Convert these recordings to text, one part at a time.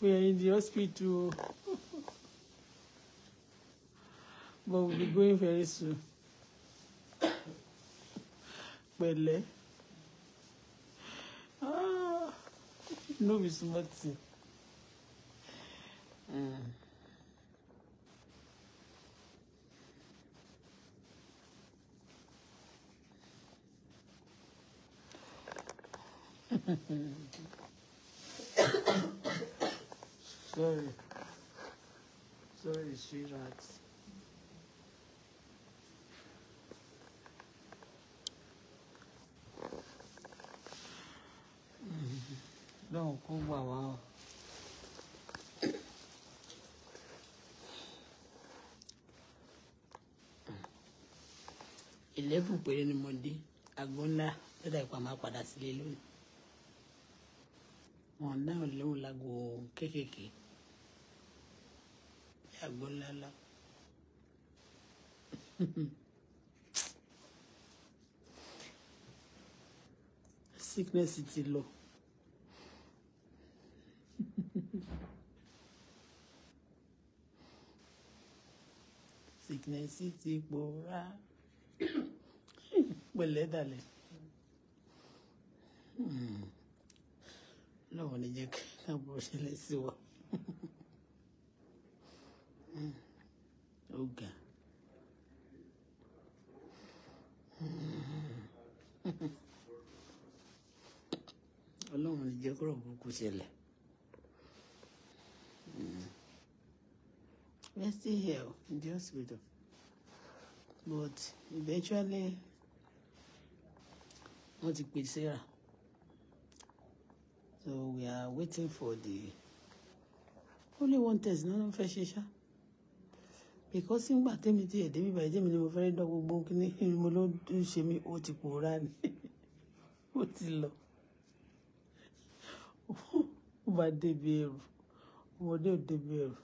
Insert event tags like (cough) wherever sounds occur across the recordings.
we are in the hospital but we'll be going very soon Well, eh? ah no Miss small Mm. Sorry. Sorry, sweetheart. Lọ́run kó gbà wá o. ìlẹ́bùn péré ni mo dé aago ńlá lọ́dà ìpa máa padà sílé lónìí. Wọ́n dáhùn lóhùn láago kéékèèké àgbo ńláńlá sickness ti lọ. sickness ti pòórá pẹ̀lẹ́ dàlẹ́ lọ́wọ́ ni jẹ́ ká bọ́ ṣẹlẹ̀ sí wa ó ga. ọlọ́run lè jẹ́ kọ́rọ̀ burúkú ṣẹlẹ̀. We're still here in the hospital, but eventually wọ́n ti pè Sarah. So we are waiting for the only one test náà ló ń fẹ́ ṣe ṣáá because nígbà tẹ́mi ti ẹ̀dẹ́ bíbá ẹ̀dẹ́ mi ni mo fẹ́rẹ́ dán gbogbo kíní (laughs) mo ló ń ṣe mí ó ti pòórá ni (laughs) ó ti lọ ó bá débi ẹrù ọmọdé ò débi ẹrù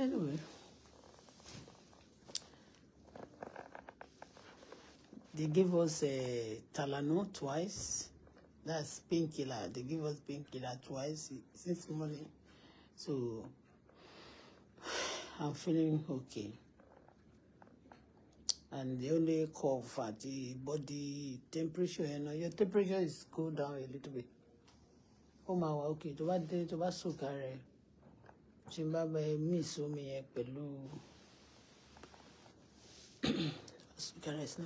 anyway they give us uh, eh, Talano twice that's painkiller they give us painkiller twice since morning so. I'm feeling okay. And the only cough at the body temperature, you know, your temperature is cool down a little bit. Ó máa okay, To what? dé tó bá sùkà rẹ̀, tí n bá bẹ miss omi yẹn pẹ̀lú sùkà rẹ̀ sí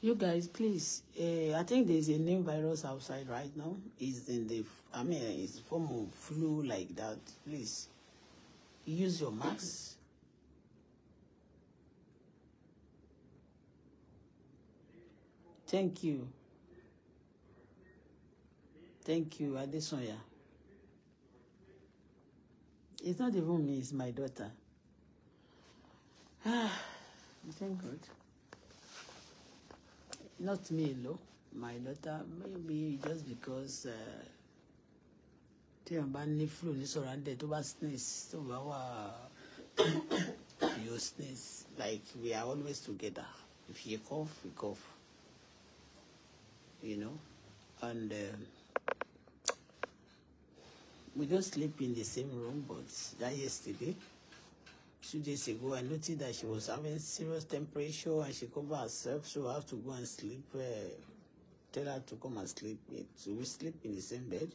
you guys please uh, i think there's a new virus outside right now it's in the i mean eh, it's form of flu like that please use your mask thank you thank you adesanya it's not even me it's my daughter ah (sighs) thank god not me alone my daughter maybe just because uh, téèyàn bá ní flu ní sọ̀rọ̀ àndẹ̀ tó bá sneeze tó bá wà (coughs) you sneeze like we are always together if you cough we cough you know and um, we just sleep in the same room but that yesterday two days ago, I noticed that she was having serious temperature and she covered herself, so I have to go and sleep. Uh, tell her to come and sleep. So we sleep in the same bed.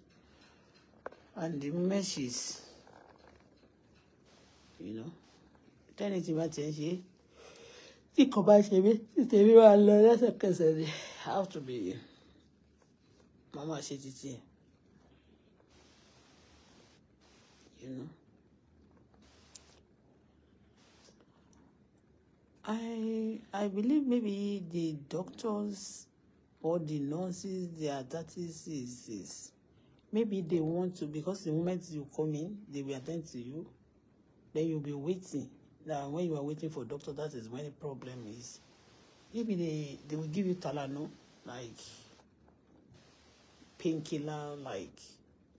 And the moment she's, you know, tell tẹ́ni tí bá ti ń ṣe tí kò bá ṣe mí tí tèmi that's lọ lẹ́sẹ̀kẹsẹ̀ I have to be mama she did it. you know. I I believe maybe the doctors or the nurses, their is maybe they want to because the moment you come in, they will attend to you. Then you'll be waiting. Now when you are waiting for doctor, that is when the problem is. Maybe they, they will give you talano, like painkiller, like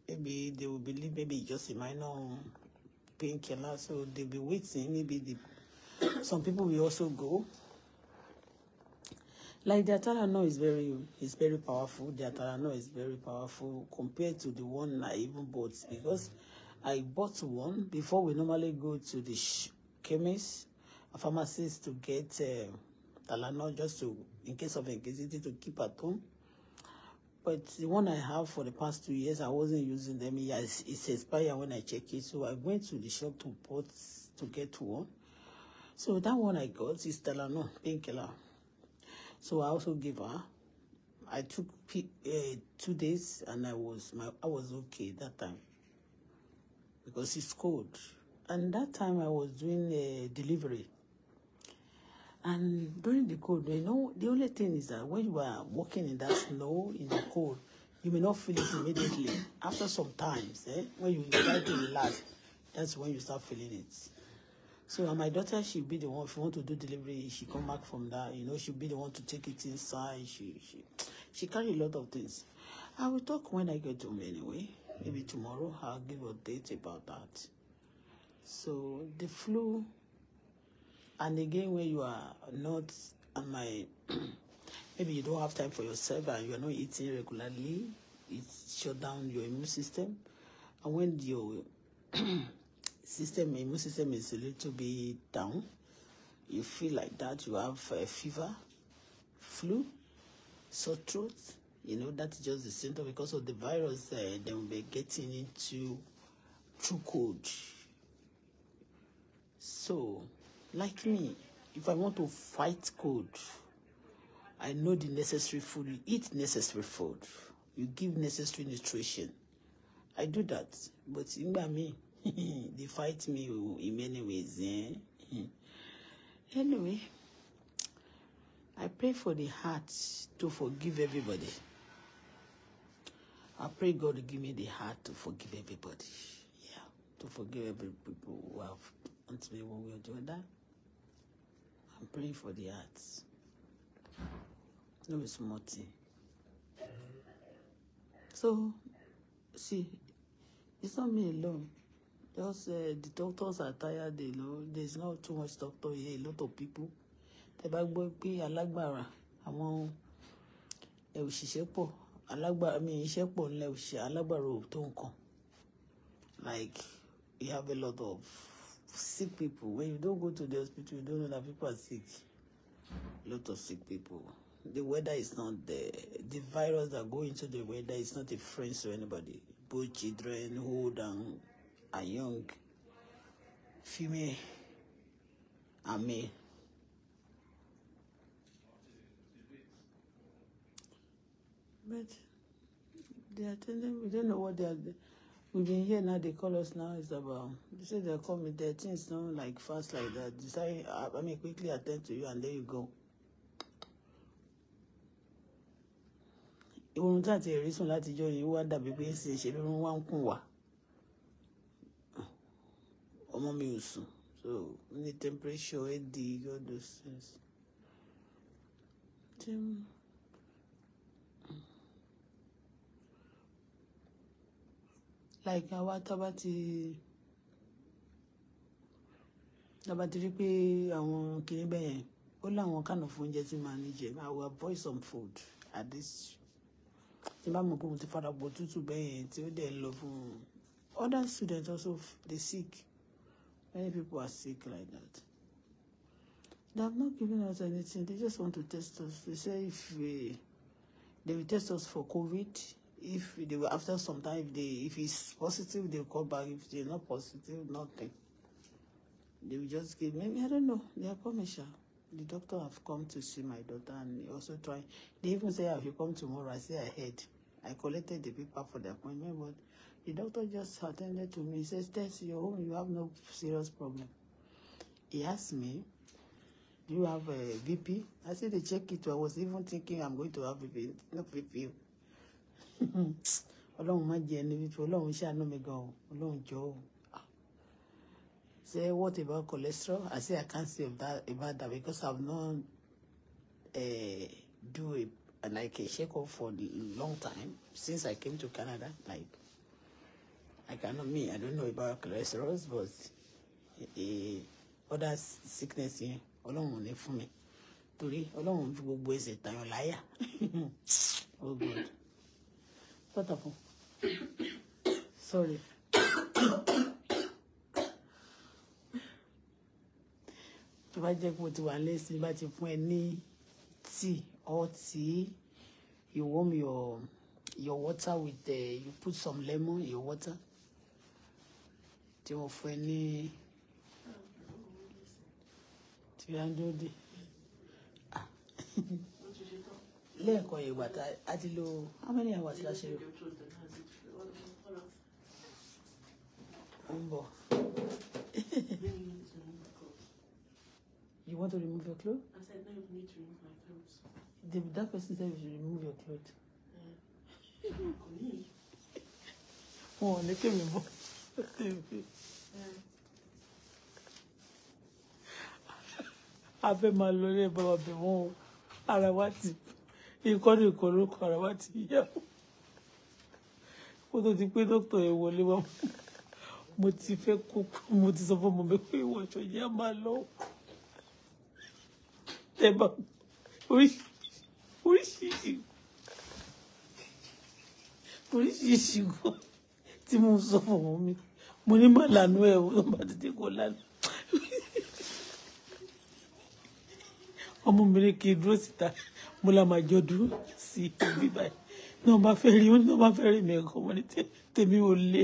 maybe they will believe maybe just a minor painkiller, so they'll be waiting, maybe the Some people will also go. Like the Atarano is very is very powerful. The Atarano is very powerful compared to the one I even bought because I bought one before we normally go to the chemist, a pharmacist to get uh, um, Talano just to in case of anxiety to keep at home. But the one I have for the past two years, I wasn't using them. Yes, it's expired when I check it. So I went to the shop to put to get one. So that one I got is no painkiller. So I also gave her. I took uh, two days and I was my I was okay that time because it's cold. And that time I was doing a uh, delivery. And during the cold, you know, the only thing is that when you are walking in that snow, in the cold, you may not feel it immediately. After some times, eh, when you try to relax, that's when you start feeling it. So and my daughter, she'll be the one, if you want to do delivery, she come back from that, you know, she'll be the one to take it inside. She, she, she carry a lot of things. I will talk when I get home anyway. Maybe tomorrow I'll give a date about that. So the flu, and again, when you are not, and my, (clears throat) maybe you don't have time for yourself and you're not eating regularly, it shut down your immune system. And when your (clears throat) system, immune system is a little bit down, you feel like that, you have a fever, flu, sore throat, you know, that's just the symptom because of the virus, uh, eh, they will be getting into true cold. So, like me, if I want to fight cold, I know the necessary food. You eat necessary food. You give necessary nutrition. I do that. But in my me, (laughs) they fight me in many ways. Eh? (laughs) Anyway, I pray for the heart to forgive everybody. I pray God to give me the heart to forgive everybody. Yeah, to forgive every people who have hurt me one way or the other. I'm praying for the heart. No it's small thing. So, see, it's not me alone. Just uh, the doctors are tired. They know there's not too much doctor here. A lot of people. The boy Tẹ́ bá gbọ́ pé alágbára àwọn òṣìṣẹ́ pọ̀ alágbára mi iṣẹ́ pọ̀ nílẹ̀ òṣìṣẹ́ alágbára ò tó nǹkan. Like we have a lot of sick people. When you don't go to the hospital, you don't know that people are sick. A lot of sick people. The weather is not the The virus that go into the weather is not a friend to anybody. Both children, who and are young, female and male. But they are telling we don't know what they are. We've been here now. They call us now. It's about they say they're coming. Their things don't like fast like that. Decide. I mean, quickly attend to you and there you go. ìwọ̀n tí àti ẹ̀rí sùn látijọ́ yìí wá dàbí You want ṣe be bí She don't want to wá ọmọ mi ò sùn so ó ní temperature headache all those things. Tim. like àwa tábà ti tábà ti rí pé àwọn kìnìún bẹ́ẹ̀ yẹn ó láwọn kànà fún oúnjẹ tí màá ní jẹ I will avoid some food at this tí bá mọ̀ pé mo ti fara bọ̀ tútù bẹ́ẹ̀ yẹn tí ó dẹ̀ ń lọ fún other students also dey sick. Many people are sick like that. They have not given us anything. They just want to test us. They say if we, they will test us for COVID. If they will after some time, if they if it's positive, they'll call back. If they're not positive, nothing. They will just give me. I don't know. They are commercial. The doctor have come to see my daughter and also try. They even say, ah, if you come tomorrow?" I say, "I I collected the paper for the appointment, but The doctor just attended to me. He says, test your home. You have no serious problem. He asked me, do you have a VP? I said, they check it. I was even thinking I'm going to have VP. not VP. (laughs) Ọlọ́run my journey ẹni long we shall mi gan-an Ọlọ́run jọ ọ́. Say what about cholesterol? I say I can't say that, about that because I've not uh, do it like a shake off for a long time since I came to Canada like I know me, I don't know about cholesterol, but eh, other sickness yẹn ọlọ́run ò ní fún mi torí ọlọ́run fi gbogbo ẹsẹ̀ a liar. (laughs) oh god tọ́tà fún sorry. tó bá jẹ́ pé o ti wà lẹ́sìn bá ti tea or tea you warm your your water with uh, you put some lemon in your water tí wọ́n fún ẹ ní tìrandóde (laughs) lẹ́ẹ̀kan yìí bàtà á ti lo how many hours la ṣe ń bọ̀. (laughs) You want to remove your clothes? I said, no, you need to remove my clothes. The, that person said you should remove your clothes. Yeah. oh, look at me a fẹ́ máa lọ ilé bàbá bẹ̀ wọ́n o ara wa ti ìkọ́ni ìkọ́lókọ̀ ara wa ti yá o kó tó ti pé dókítà ẹ̀ wọlé wa mo ti fẹ́ kó mo ti sọ fún ọmọ mi pé ìwọ ìṣòyí á máa lọ ẹ bá oríṣiríṣi oríṣiríṣi gan tí mo sọ fún mi mo ní má lànà ẹ o bá tètè kó lànà ọmọ mi ní kí n dúró síta mo là máa jọ dúró sí ibi báyìí náà bá fẹ́ rí náà bá fẹ́ rí mi ẹ̀kọ́ mo ní tèmi ò lè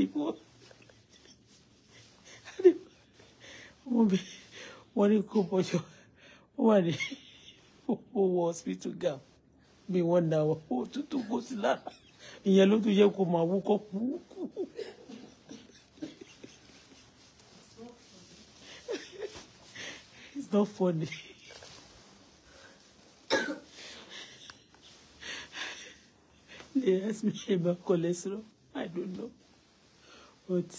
ìbò ọmọ mi wọ́n ní kó bọ́jọ́ ó wà ní owó hospital gown mi wọ́n na owó tuntun kó sí lára ìyẹn ló tún yẹ kó máa wúkọ́ kúkú. It's not funny. They asked me (laughs) about cholesterol. I don't know. But,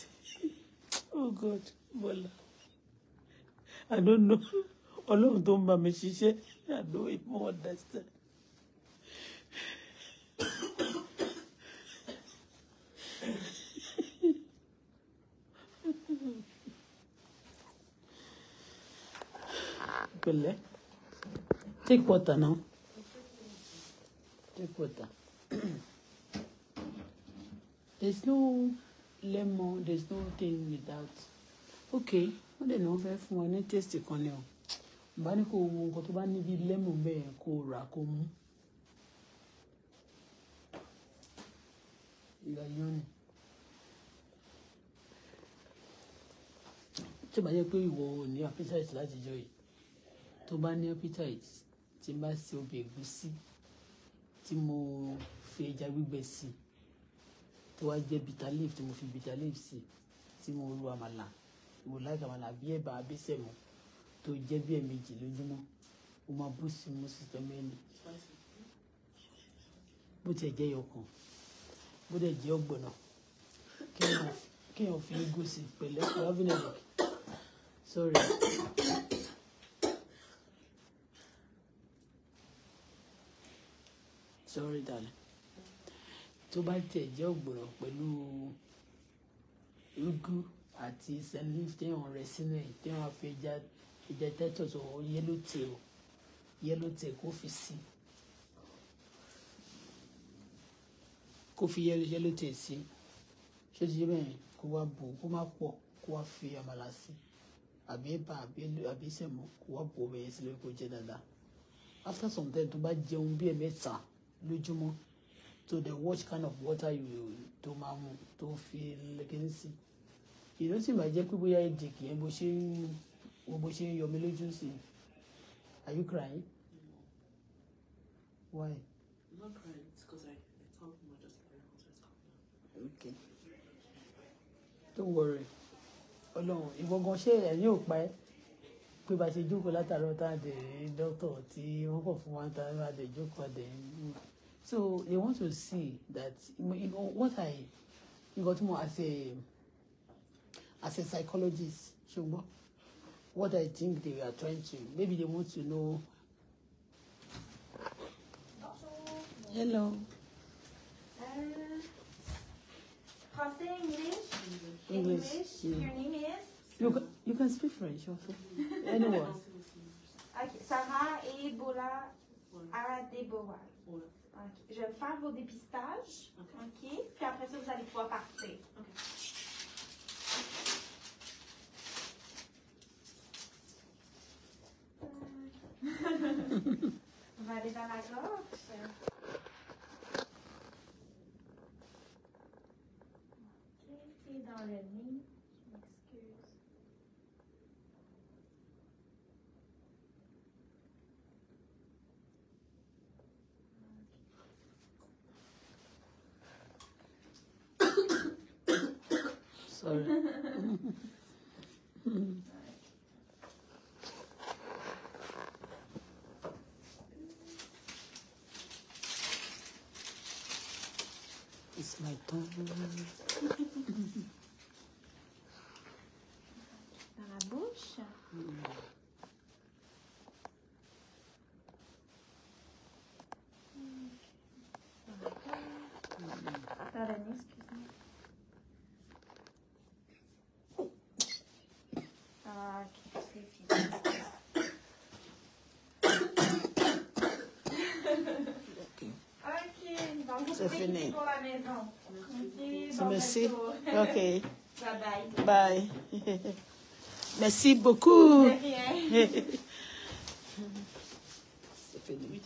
oh God, Bola. I don't know. (laughs) Ọlọ́run tó ń bá mi ṣiṣẹ́, I don't even understand. pẹ̀lẹ́ take water now take water (clears throat) there's no lemon there's no thing without okay wọ́n dẹ̀ ní wọ́n fẹ́ fún ọ taste kan ni o bá ko kó ko nǹkan tó bá níbi lemon bẹ́ẹ̀ kó rà kó mú. tí ó bá yẹ pé ìwọ ò ní appetite láti jọ yìí tó bá ní appetite tí n bá se ọbẹ̀ ẹ̀gúsí tí mo fi ẹja gbígbẹ sí tó wá jẹ́ bitter leaf tí mo fi bitter leaf sí tí mo ru àmàlà mo láì àmàlà bí ẹ̀bà abẹ́sẹ̀mọ́ tó jẹ́ bí ẹ̀mejì lójúmọ́ mo máa bú sí mo sì tọ́ mẹ́rin bó tiẹ̀ jẹ́ yọkàn bó dẹ̀ jẹ́ ọ̀gbọ̀nà kéèyàn fi égúsí pẹ̀lẹ́ pẹ̀lú sorry. sorry darling tó bá tiẹ̀ jẹ́ ògbòrò pẹ̀lú ugu àti scent téèyàn rẹ̀ sínú ẹ̀ téèyàn fi ẹja ẹja tẹ́tọ̀ yellow tail yellow tail kó fi sí kó fi yellow tail sí ṣé ti yẹ bẹ́ẹ̀ kó wá bò kó má pọ̀ kó wá fi àmàlà sí àbí ẹ̀bà àbí sẹ̀mọ́ kó wá bò bẹ́ẹ̀ sílẹ̀ kó jẹ́ dáadáa after some time tó bá jẹun bí ẹ̀ mẹ́ta lójúmọ́ to dey watch kind of water you to máa mu tó fi lẹ́kẹ́ sí ìlú sì máa jẹ́ pé bóyá èdè kì í bó ṣe ń wo bó ṣe ń yọmi lójú sí are you crying why. not crying it's because I I talk just okay don't worry Ọlọ́run ìwọ gan ṣe ẹ̀yin ò pa ẹ́ pé bá ṣe jókòó látàrọ tá à dé dókítà tí wọn kàn fún wa tá à dé jókòó àdé so they want to see that what I nǹkan more mo as a as a psychologist ṣùgbọ́n what I think they are trying to maybe they want to know. Hello. Uh, Jose English. English. English. Your name is? You, can, you can speak French also. (laughs) Okay. Sarah et Bola à Okay. Je vais faire vos dépistages. Puis après ça, vous allez pouvoir partir. Euh, (laughs) on va aller dans la gorge. OK. Et dans le nez. 嗯。(laughs) fini. Merci. OK. Bye bye. (laughs) Bye. Merci beaucoup. (laughs) C'est fini.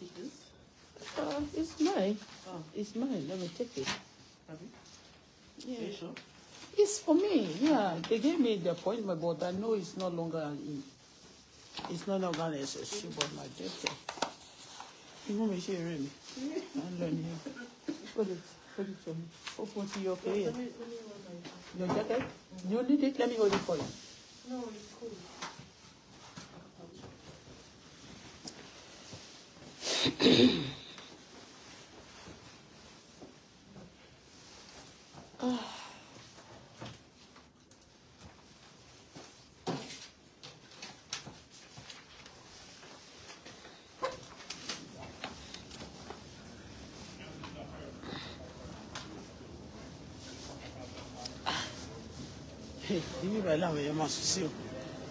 Uh, it's mine. Oh. It's mine. Let me take it. Yeah. Sure? It's for me. Yeah. They gave me the appointment, but I know it's no longer in. It's no longer an issue, but my daughter. You want me to hear me? (laughs) I'm learning put it, put it from, your face. Let me, let me hold my Your jacket? Mm-hmm. You need it? Let me hold it for you. No, it's cool. (clears throat) báyìí làwọn èèyàn máa sùn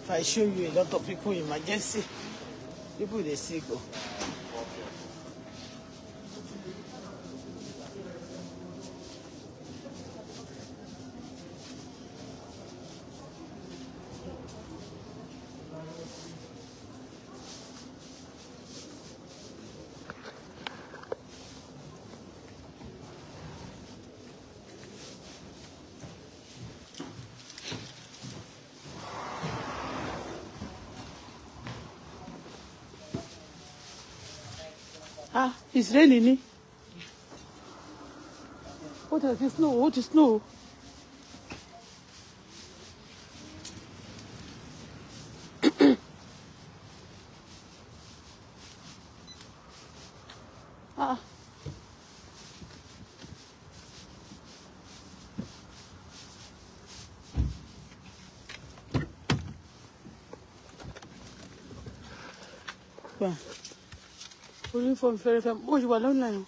if I show you a lot of people in emergency people they see go. It's raining. What is snow? What is snow? uniform fẹ́rẹ́fẹ́ bó ṣe wà lọ́nà yìí.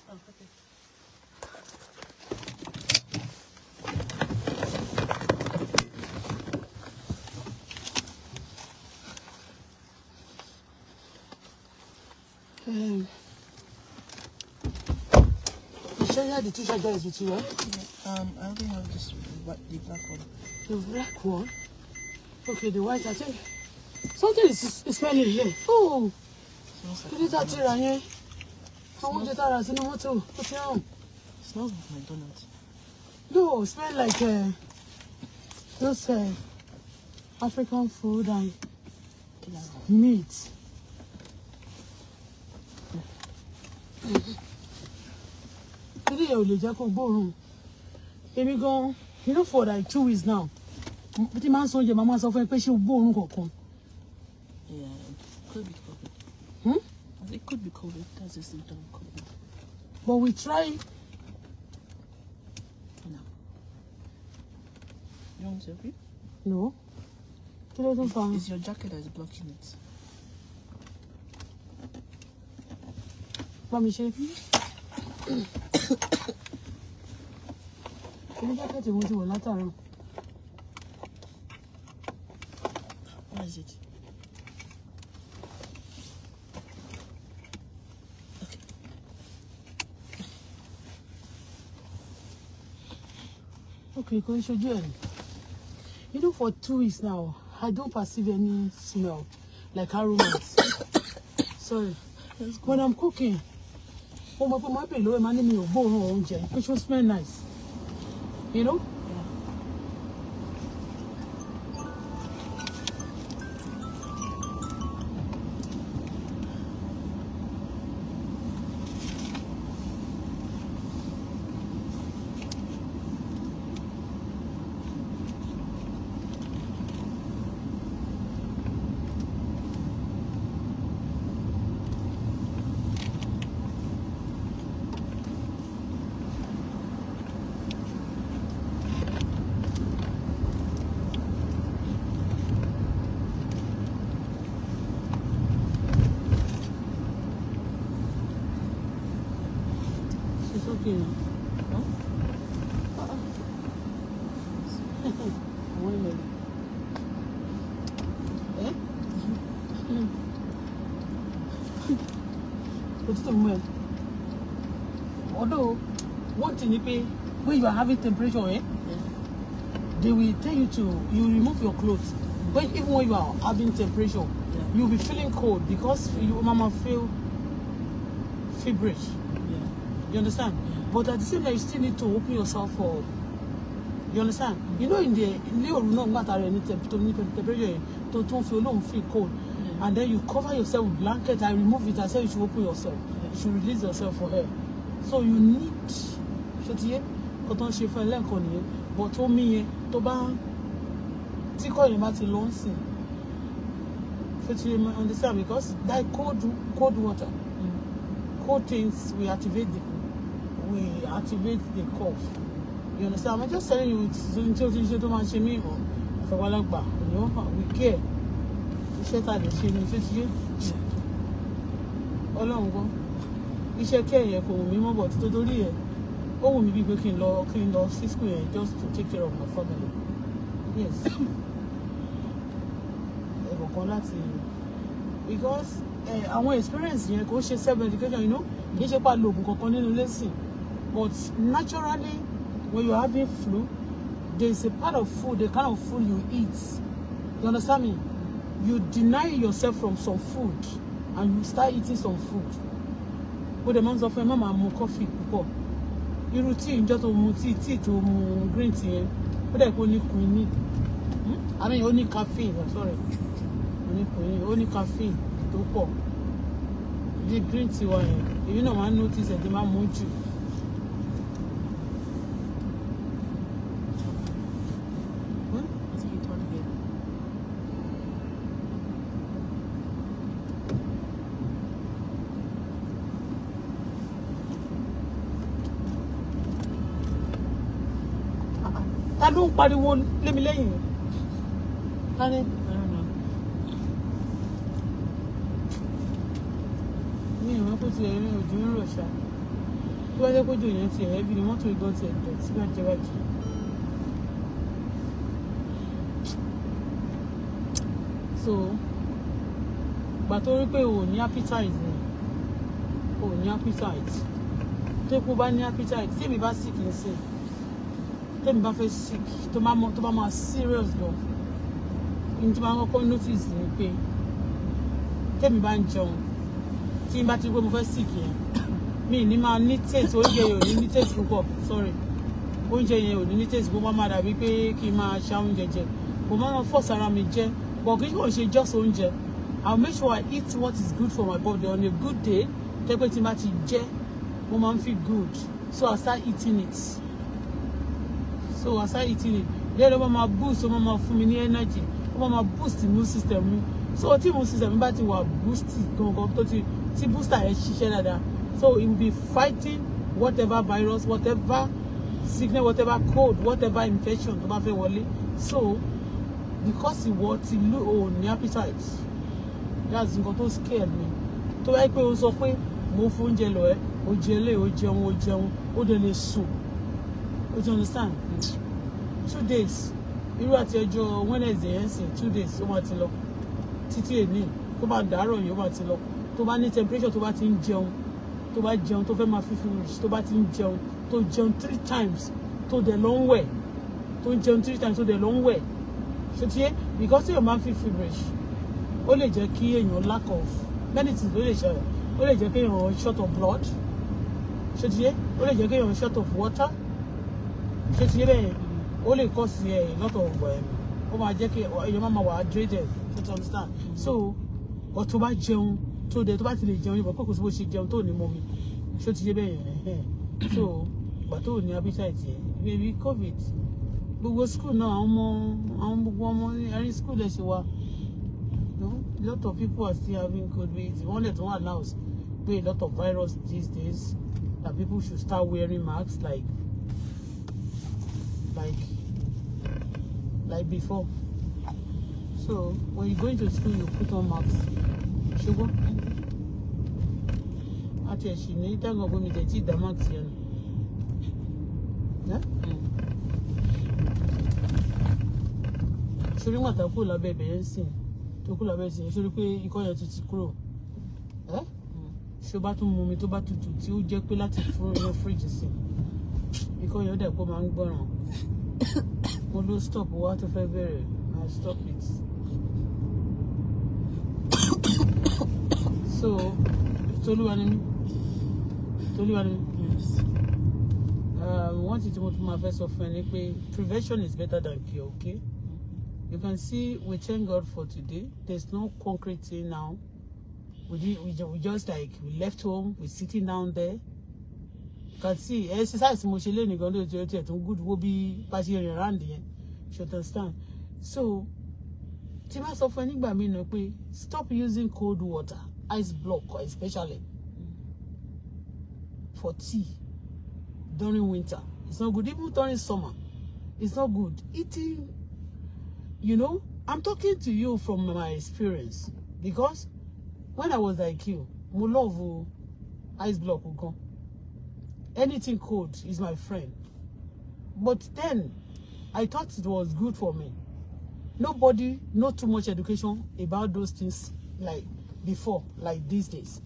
Shall I the t-shirt that is with you, right? Yeah, um, I only have this the black one. The black one? Okay, the white, I think. Something is, smelling here. Oh! It smells like it is that àwọn oúnjẹ tá a rà sínú mọ́tò ó ti hàn. it smells like McDonald's. no it smells like uh, those uh, African food and meat. eléyà ò lè jẹ́ kó Let me go. you know for like two weeks now bí ti máa ń sọ oúnjẹ màmá sọ fún ẹ go ṣé Yeah, could be. It could be COVID. That's a symptom of COVID. But we try. No. You want to help you? No. It doesn't sound. It's your jacket that is blocking it. Mommy, shape me. Can you jacket you want to wear later? What is it? Okay, kò ṣojú ẹ̀. You know, for two weeks now, I don't perceive any smell, like aromas. Sorry. When I'm cooking, mo mọ̀ pé mo á bèrè lọ́wọ́ ẹ̀ máa ní mi ò gbóòórùn oúnjẹ, which will smell nice. You know? Okay. Àwọn ilẹ̀ ẹ̀ òtútù mú ẹ̀ although one thing ni pé when you are having temperature eh, yeah. they will tell you to you remove your clothes but mm. even when you are having temperature yeah. you will be feeling cold because you mama feel feverish. You understand? But at the same time, you still need to open yourself up. You understand? You know, in the ilé òrùn matter gbàtà rẹ̀ ní temperature yẹn tó tó ń fi olóhùn feel cold. And then you cover yourself with blanket and remove it and say you should open yourself. You should release yourself for her. So you need ṣòtìyẹ kò tó ń ṣe fún ẹ lẹ́ẹ̀kan nìyẹn bọ̀ tó mí yẹn tó bá tí kọ́ yẹn bá ti understand because that cold cold water mm. cold things will activate the we activate the cough you understand i'm just telling you it's until tí iṣẹ́ tó máa ṣe mí ìmọ̀ àfọwọ́lágbà you know we care iṣẹ́ tá a lè ṣe ni iṣẹ́ ti yé ọlọ́run gan iṣẹ́ kẹ́ yẹn kò wù mí mọ́ bọ̀ tó torí ẹ̀ ó wù mí bíi pé kí n just to take care of my family yes ẹ̀bùn kan láti because eh, àwọn experience yẹn kò ṣe self education you know kì should ṣe a lo oògùn kankan nínú lẹ́sìn. But naturally, when you're having flu, there's a part of food, the kind of food you eat. You understand me? You deny yourself from some food and you start eating some food. But the man's offering, "Mama, I'm ẹ, coffee púpọ̀. Irú tíì níjọ́ tó mu tíì, tíì tó mu green tea yẹn. Ó dẹ̀ kó hmm? I mean, only ní caffeine, I'm sorry. Only ní quinine, ó ní caffeine The green tea wa yẹn, èyí náà notice that tí máa mú jù. ta ló ń pariwo lémi lẹ́yìn tani. mi ìwọ́n kó tiẹ̀ rí ojú ń rò ṣá bí wọ́n jẹ́ kójú èèyàn tiẹ̀ ẹ́bí ni mọ́tò ìgbọ́n tiẹ̀ dọ̀tí náà jẹ́ wájú. so gbà tó rí pé o ní appetite ni o ní appetite tó kó bá ní appetite tí èmi bá sì kì í sìn tèmi bá fẹ́ sick tó máa mọ tó bá máa serious lọ ní tí máa kọ́kọ́ notice ni pé tèmi bá ń jẹun tí n bá ti rí pé mo fẹ́ sick yẹn mi ní máa ní taste oúnjẹ yẹn ò ní ní taste púpọ̀ sorry oúnjẹ yẹn ò ní ní taste púpọ̀ máa dàbí pé kí n máa ṣa oúnjẹ jẹ kò máa force ara mi jẹ but kì í kò just oúnjẹ I make sure I eat what is good for my body on a good day tẹ́pẹ́ tí n ti jẹ mo máa feel good so I start eating it so as I started eating it lẹ́yìn ó máa boost ó máa fún mi ní energy ó máa boost immune system mi so tí immune system mi bá ti wà boost gangan tó ti tí booster yẹn ṣiṣẹ́ dáadáa so it will be fighting whatever virus whatever sickness whatever cold whatever infection tó bá fẹ́ wọlé so because ìwọ ti lú òun ní appetite that's nǹkan tó scare me tó wáyé pé o sọ pé mo fún oúnjẹ lọ ẹ o jẹ lé o jẹun o jẹun o dẹ̀ lè sùn You ti understand two days irú àti ọjọ́ Wednesday ẹ̀sìn two days ó máa ti lọ títí èmi tó bá dàárọ̀ yìí ó máa ti lọ tó bá ní temperature tó bá ti ń jẹun tó bá jẹun tó fẹ́ máa fífi rich tó bá ti ń jẹun tó jẹun three times tó dẹ̀ lọ ń wẹ̀ tó ń jẹun three times tó dẹ̀ lọ ń wẹ̀ ṣètì yé because èèyàn máa ń fífi rich ó lè jẹ́ kí èèyàn lack of medicine ló lè ṣẹlẹ̀ ó lè jẹ́ kí èèyàn short of blood ṣètì yé ó lè jẹ́ kí èèyàn short of water ṣé ti yẹ́lẹ̀ yẹn ó lè kọ́ sí ẹ̀ lọ́tọ̀ ọ̀gbọ̀ ẹ̀ ó máa jẹ́ kí èèyàn máa wà á drédẹ̀ ṣé ti understand so ọ̀tọ̀ bá jẹun tó dẹ tó bá ti lè jẹun yìí bọ̀ kókò sí bó ṣe jẹun tó ní mọ́mi ṣé ti yẹ́ bẹ́ẹ̀ so ìgbà tó ní appetite yẹn baby covid gbogbo school náà àwọn ọmọ àwọn gbogbo ọmọ ẹrí school lè ṣe wa a lot of people are still having covid wọ́n lè tún wà pé a lot of virus these days that people should start wearing masks like like like before so when you go into school you put on mask ṣùgbọ́n àti ẹ̀sì ní dágàn gómi tẹ̀ tí ìdá mask yẹn ṣorí màtá kúrò lábẹ́ ibẹ̀ yẹn sìn tó kúrò lábẹ́ sìn ṣorí pé ikọ́ yẹn ti ti kúrò ṣé o bá tún mu omi tó bá tutù tí ó jẹ́ pé láti fún inú fíríjì sí ikọ́ yẹn ó dẹ̀ pé máa ń gbọ́ràn mo (coughs) stop water tó i stop it (coughs) so tolúwa ni mí tolúwa ni mí wọ́n uh, ti tí mo tún máa fẹ́ sọ fún ẹ ni prevention is better than cure okay you can see we thank God for today There's no concrete thing now we, did, we, we just like we left home we sitting down there kàtí exercise mo ṣe lé nìkan ló ti ọtí ẹ̀ tó ń gùd wo bí bá ṣe rìn round yẹn understand so tí má sọ fún ẹ nígbà mí náà stop using cold water ice block especially for tea during winter it's not good even during summer it's not good eating you know I'm talking to you from my experience because when I was like you mo love ice block gan anything cold is my friend. But then, I thought it was good for me. Nobody not too much education about those things like before, like these days.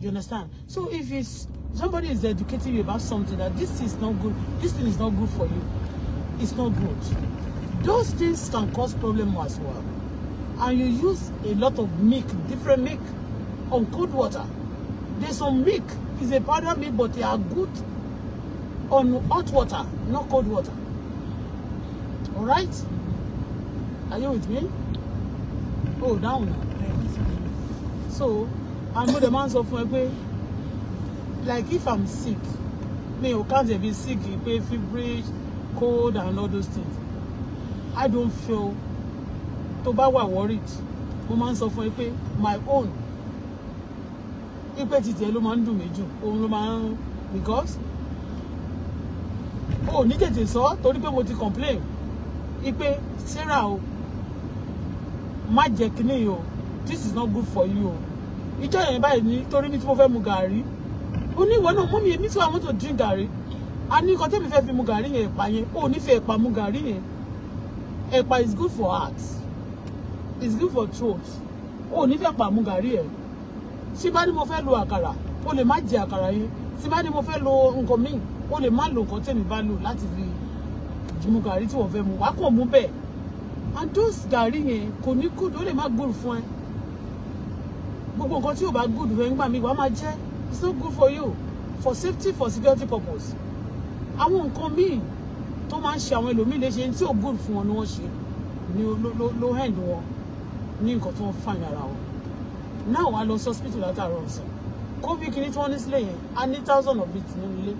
You understand? So if it's somebody is educating you about something that this is not good, this thing is not good for you, it's not good. Those things can cause problems as well. And you use a lot of milk, different milk, on cold water. There's some milk It's a part me, but they are good on hot water, not cold water. All right? Are you with me? Oh, down. So, I know the man's of my way. Like if I'm sick, me you can't be sick, you pay feverish, cold, and all those things. I don't feel tó bá wà worried. Mo máa ń sọ fún my own ipe títí ẹ ló máa ń dùn mí jù òun ló máa ń because o ní tètè sọ torí pé mo ti complain ipe sarah o má jẹ kíní o this is not good for you o ìjọ yẹn báyìí nítorí ní tí mo fẹ́ mu gàrí ó ní ìwọ náà mú mi èmi tí wàá mọ́tò dín gàrí a ní nǹkan tẹ́mi fẹ́ fi mu gàrí yẹn ẹ̀pà yẹn ó nífẹ̀ẹ́ ẹ̀pà mu gàrí yẹn ẹ̀pà is good for heart is good for throat ó nífẹ̀ẹ́ ẹ̀pà mu gàrí yẹn tí bá ní mo fẹ́ lo àkàrà o lè má jẹ àkàrà yẹn tí bá ní mo fẹ́ lo nǹkan míì o lè má lo nǹkan tèmi bá lò láti fi mu gàrí tí wọ́n fẹ́ mu wá kò mú bẹ́ẹ̀ and those gàrí yẹn kò ní good ó lè má good fún ẹ gbogbo nǹkan tí ò bá good fún ẹ nígbà míì wàá máa jẹ it's not good for you for safety for security purpose àwọn nǹkan míì tó máa ń ṣe àwọn ẹlòmíì léṣe tí ò good fún wọn ni wọ́n ṣe ni ló ló ló hand wọn ní nǹkan tó ń fàyàrà wọn náà wàá lọ sí hospital látàárọ̀ ọ̀sán covid kìíní tí wọ́n ní sílẹ̀ yẹn a ní thousand of it nínú ilé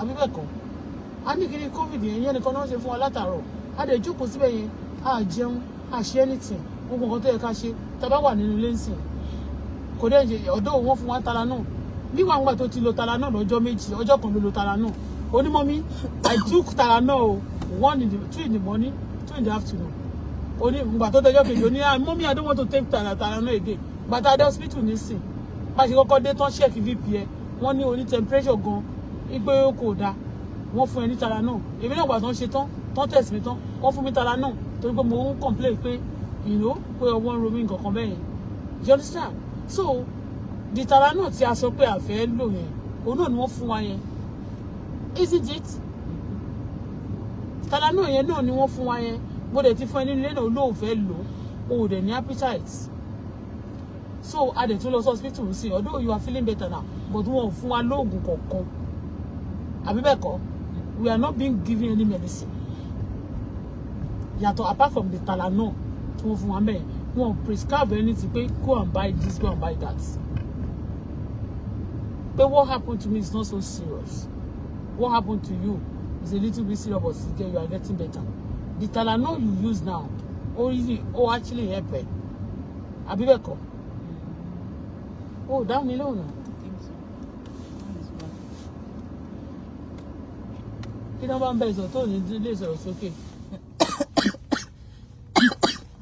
àbí bẹ́ẹ̀ kọ́ a ní kìíní covid yẹn yẹn nìkan náà ṣe fún wa látàárọ̀ a dẹ̀ jókòó síbẹ̀ yẹn a jẹun a ṣe anything gbogbo nǹkan tó yẹ ká ṣe tá a bá wà nínú ilé ńsìn kò dẹ́ ṣe ọ̀dọ́ òun fún wa tara náà níwà ńgbà tó ti lo tara náà lọ́jọ́ méjì ọjọ́ kan ló lo tara náà onímọ̀mí i took tara náà one in the two in the morning two in the afternoon oní ìgbà tó dẹjọ́ kejì oní ah, mọ́mí i don't want to take tara tara náà again bàtà dé hospital nísìn bá ṣe kọ́kọ́ dé tán ṣẹ́ẹ̀kì bp ẹ wọ́n ní oní temperature gan ipe kò dáa wọ́n fún ẹ ní tara náà èmi náà gbà tán ṣe tán tán tẹ̀sí mi tán wọ́n fún mi tara náà torí pé mo ń complain pé ìró pé ọwọ́ ń ro mi nǹkan kan bẹ́ẹ̀ yẹn you so di tara náà tí a sọ pé a fẹ́ lò yẹn òun náà ni wọ́n fún wa yẹn isn't it tara náà yẹn náà ni wọ́n fún wa yẹn mo dẹ̀ ti fún ẹ nínú ilé náà olóòfẹ́ lò ó dẹ̀ ní appetite so a dẹ̀ tún lọ sí hospital sí although you are feeling better now but wọn ò fún wa lóògùn kọ̀ọ̀kan àbí bẹ́ẹ̀ kọ́ we are not being given any medicine yàtọ̀ apart from the Tylenol tí wọ́n fún wa mẹ́rin wọn ò prescribe anything pé go and buy this go and buy that pé what happened to me is not so serious what happened to you is a little bit serious but still you are getting better the Tylenol you use now ó really ó actually help ẹ àbí bẹ́ẹ̀ kọ́. Oh, down me alone. kí ló bá ń bẹ sọ tó ní ilé ìsọ̀rọ̀ sókè.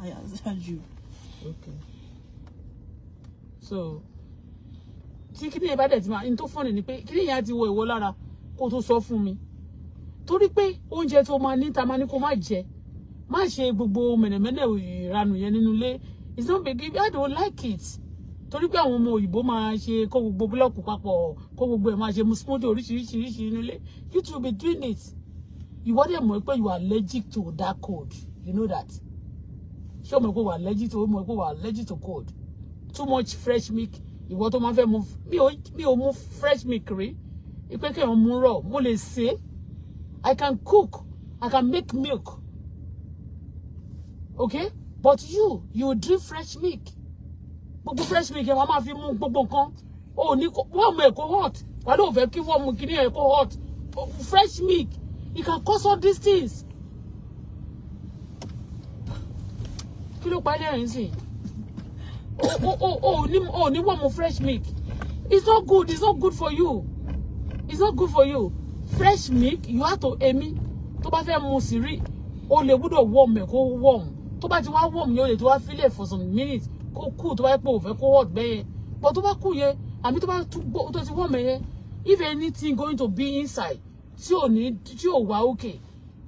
I answered you. Okay. So tí kíní yẹn bá dẹ̀ ti máa ní tó fọ́nì ni pé kíní yẹn á ti wọ ìwọ lára kó tó sọ fún mi torí pé oúnjẹ tó máa ní ta máa ní kó má jẹ má ṣe gbogbo mẹ̀nẹ̀mẹ́nẹ̀ ìranù yẹn nínú ilé it's not big I don't like it torí pé àwọn ọmọ òyìnbó máa ṣe kó gbogbo búlọ́ọ̀kù papọ̀ kó gbogbo ẹ̀ máa ṣe musmodo oríṣiríṣiríṣi inú ilé you too be doing it ìwọ dẹ̀ mọ̀ pé you are allergic to that cold you know that ṣé o mọ̀ pé wà allergic to o mọ̀ pé wà allergic to cold too much fresh milk ìwọ tó máa fẹ́ mu mi ò mu fresh milk rí ìpé kéèyàn mu rọ̀ mo lè sè é I can cook I can make milk okay but you you drink fresh milk gbogbo fresh milk yẹn wàá máa fi mú gbogbo nǹkan o ní wọ́ọ̀mù ẹ̀ kó hot wàá lóò fẹ́ kí wọ́ọ̀mù kìíní ẹ̀ kó hot fresh milk it can cause all these things. kí ló parí ẹ̀rín sí o ní wọ́ọ̀mù fresh milk it's not good it's not good for you it's not good for you fresh milk you have to emi To bá fẹ́ mu siri. rí o lè gbúdọ̀ warm ẹ̀ kó warm To bá ti wá warm ni o lè tó wá feel for some minutes kó kú tó bá yẹ pé òun kó wọ̀ gbẹ́ yẹn but tó bá kú yẹn àmì tó bá tó ti wọ̀ mẹ́ yẹn if anything going to be inside tí ò ní tí ò wá okay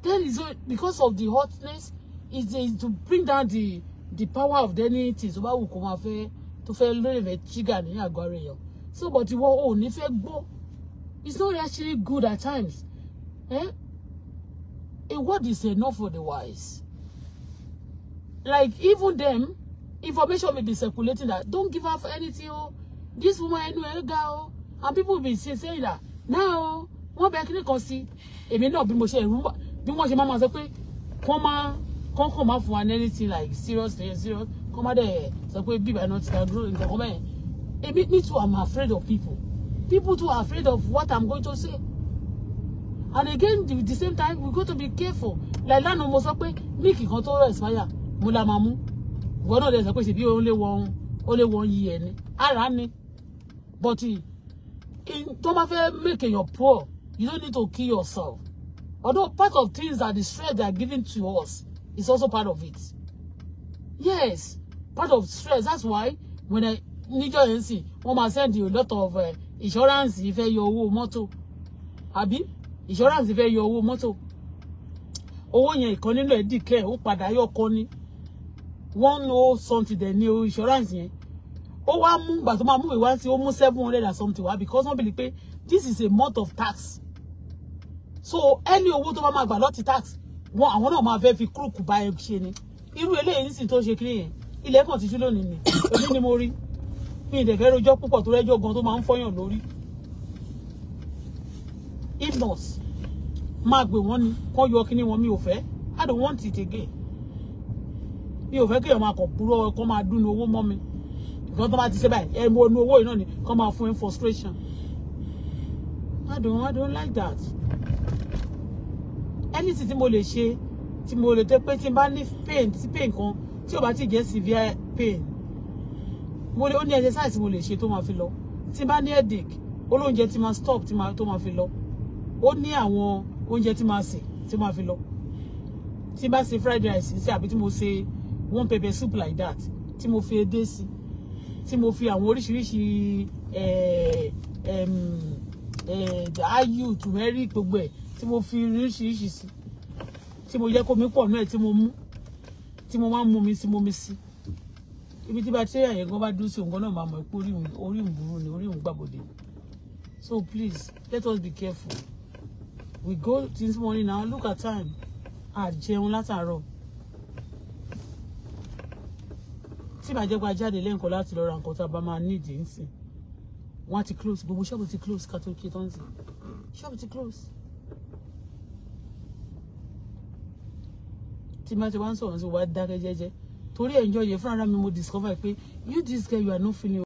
then is because of the hotness is to bring down the the power of the anything tó bá wù kó máa fẹ́ tó fẹ́ lórí rẹ̀ trigger ní àgọ́ rẹ̀ yẹn so but ìwọ ò ní fẹ́ gbọ́ it's not actually good at times eh? a word is enough for the wise like even them information may be circulating that don't give up anything oh this woman ẹnu ẹ ga oh and people be saying say that now oh, wọn bẹ kí ni kan sí èmi náà bí mo ṣe ẹrú bí wọn ṣe máa ma sọ pé kàn máa kàn kàn anything like seriously serious kàn máa dẹ sọ pé bíbá iná ti ta dúró nǹkan kan bẹ́ẹ̀ èmi me too i'm afraid of people people too are afraid of what i'm going to say and again the, the same time we got to be careful like that, no more. pé make it control. expire mo la máa ìwọ náà lè sọ pé ṣèbí ó lé wọ ohun ó lé wọ ohun yìí ẹ̀ ni ara ni but tó bá fẹ́ make èèyàn poor you don't need to kill yourself although part of things that the stress they are giving to us is also part of it yes part of stress that's why when I níjọ́ yẹn sì wọ́n máa send you a lot of eh, insurance ìfẹ́ yọ owó mọ́tò àbí insurance ìfẹ́ yọ owó mọ́tò owó yẹn ìkan nílò ẹ̀ dìkẹ́ ó padà yọ kọ́ ni one oh something dẹ̀ new insurance yẹn ó wá mú gbà tó máa mú ìwá sí ó mú seven hundred and something wá because wọ́n believe pé this is a month of tax so ẹni owó tó bá máa gbà lọ́ti tax wọn àwọn náà máa fẹ́ fi crook bá ẹ ṣe ni irú eléyìí nísìnyí tó ṣe kiri yẹn ilẹ̀ kan ti ṣú lónìí ni èmi ni mo rí mi ì dẹ̀fẹ́ rojọ́ púpọ̀ tó rẹ́jọ́ gan tó máa ń fọyàn lórí if not máa gbé wọn ni kán yọ kíní wọn mi ò fẹ́ I don't want it again mi ò fẹ́ kí èèyàn máa kàn purọ́ kó máa dún owó mọ́ mi nǹkan tó bá ti ṣe báyìí ẹ mo nu owó yìí náà ni kó máa fún ẹ frustration I don't I don't like that anything tí mo lè ṣe tí mo lè tẹ́ pé tí n bá ní pain tí pain kan tí ò bá ti jẹ́ severe pain mo lè ó ní exercise mo lè ṣe tó máa fi lọ tí n bá ní headache ó lóúnjẹ tí máa stop tí máa tó máa fi lọ ó ní àwọn oúnjẹ tí máa sè tí máa fi lọ tí n bá ṣe fried rice sí àbí tí mo ṣe. Se one pepper soup like that tí mo fi edé sí tí mo fi àwọn oríṣiríṣi ayu tùmẹ́rì gbogbo ẹ̀ tí mo fi oríṣiríṣi sí tí mo jẹ́ kó mi pọ̀ náà tí mo mú tí mo máa ń mú mi sí mo mi sí ibi tí bá tí àyẹ̀ gan bá dúró sí òun gan náà máa mọ̀ pé orí òun burú ni orí òun gbàgbọ́dé so please let us be careful we go this morning now look at time àjẹun látàárọ̀. tí bá jẹ́ pé a jáde lẹ́ǹkan láti lọ ra nǹkan tá a bá máa nídìí nsìn wọ́n á ti close gbogbo ṣọ́ọ̀bù ti close ká tó kí tó ń sìn ṣọ́ọ̀bù ti close. tí má ti wá ń sọ̀rọ̀ sí wa dákẹ́ jẹ́jẹ́ torí ẹ̀ ń jọ yẹ fúnra mi mo discover pé you this girl you are not feeling.